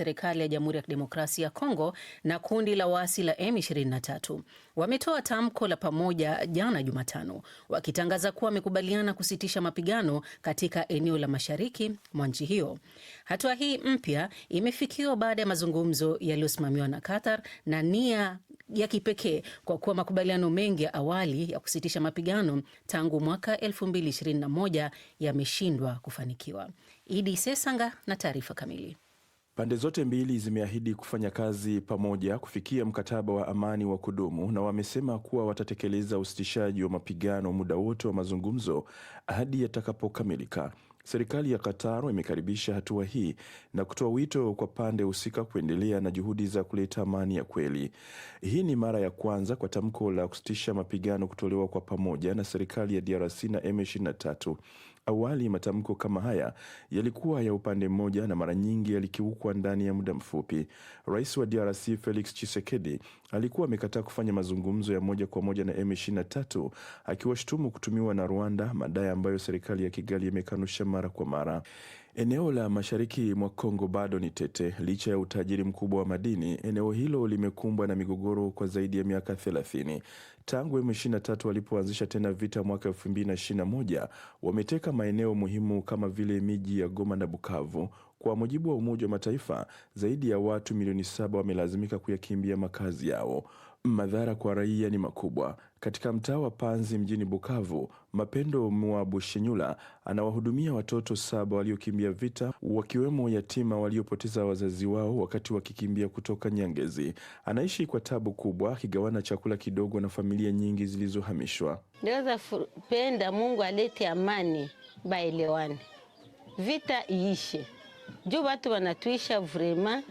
serikali ya Jamhuri ya Kidemokrasia ya Kongo na kundi la waasi la M23 wametoa tamko la pamoja jana Jumatano, wakitangaza kuwa wamekubaliana kusitisha mapigano katika eneo la mashariki mwa nchi hiyo. Hatua hii mpya imefikiwa baada ya mazungumzo yaliyosimamiwa na Qatar na nia ya kipekee kwa kuwa makubaliano mengi ya awali ya kusitisha mapigano tangu mwaka 2021 yameshindwa kufanikiwa. Idi Sesanga na taarifa kamili. Pande zote mbili zimeahidi kufanya kazi pamoja kufikia mkataba wa amani wa kudumu na wamesema kuwa watatekeleza usitishaji wa mapigano muda wote wa mazungumzo hadi yatakapokamilika. Serikali ya Qatar imekaribisha hatua hii na kutoa wito kwa pande husika kuendelea na juhudi za kuleta amani ya kweli. Hii ni mara ya kwanza kwa tamko la kusitisha mapigano kutolewa kwa pamoja na serikali ya DRC na M23. Awali matamko kama haya yalikuwa ya upande mmoja na mara nyingi yalikiukwa ndani ya muda mfupi. Rais wa DRC Felix Tshisekedi alikuwa amekataa kufanya mazungumzo ya moja kwa moja na M23 akiwashutumu kutumiwa na Rwanda, madai ambayo serikali ya Kigali imekanusha mara kwa mara. Eneo la mashariki mwa Kongo bado ni tete. Licha ya utajiri mkubwa wa madini, eneo hilo limekumbwa na migogoro kwa zaidi ya miaka 30. Tangu M23 walipoanzisha tena vita mwaka moja. wameteka maeneo muhimu kama vile miji ya Goma na Bukavu. Kwa mujibu wa Umoja wa Mataifa, zaidi ya watu milioni saba wamelazimika kuyakimbia makazi yao. Madhara kwa raia ni makubwa. Katika mtaa wa Panzi mjini Bukavu, Mapendo Mwabushinyula anawahudumia watoto saba waliokimbia vita, wakiwemo yatima waliopoteza wazazi wao wakati wakikimbia kutoka Nyangezi. Anaishi kwa tabu kubwa, akigawana chakula kidogo na familia nyingi zilizohamishwa. Naweza penda Mungu alete amani, baelewane, vita iishe, juu watu wanatuisha vrema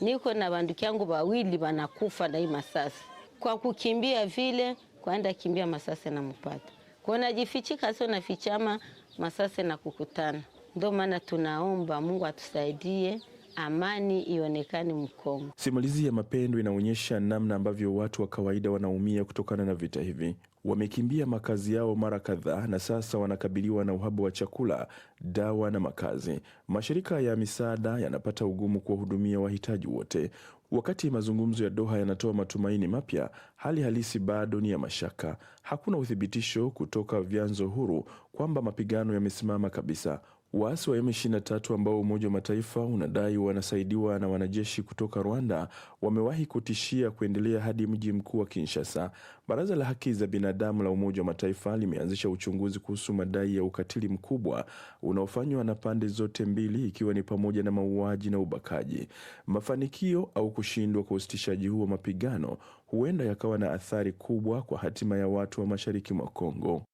niko na banduki yangu wawili wanakufa na hii masasi, kwa kukimbia vile kwaenda kimbia masasi na mpata kwa najifichika, sio nafichama masasi na kukutana. Ndio maana tunaomba Mungu atusaidie amani ionekane Mkongo. Simulizi ya Mapendo inaonyesha namna ambavyo watu wa kawaida wanaumia kutokana na vita hivi, wamekimbia makazi yao mara kadhaa na sasa wanakabiliwa na uhaba wa chakula, dawa na makazi. Mashirika ya misaada yanapata ugumu kuwahudumia wahitaji wote. Wakati mazungumzo ya Doha yanatoa matumaini mapya, hali halisi bado ni ya mashaka. Hakuna uthibitisho kutoka vyanzo huru kwamba mapigano yamesimama kabisa. Waasi wa M23 ambao Umoja wa Mataifa unadai wanasaidiwa na wanajeshi kutoka Rwanda wamewahi kutishia kuendelea hadi mji mkuu wa Kinshasa. Baraza la Haki za Binadamu la Umoja wa Mataifa limeanzisha uchunguzi kuhusu madai ya ukatili mkubwa unaofanywa na pande zote mbili, ikiwa ni pamoja na mauaji na ubakaji. Mafanikio au kushindwa kwa usitishaji huu wa mapigano huenda yakawa na athari kubwa kwa hatima ya watu wa Mashariki mwa Kongo.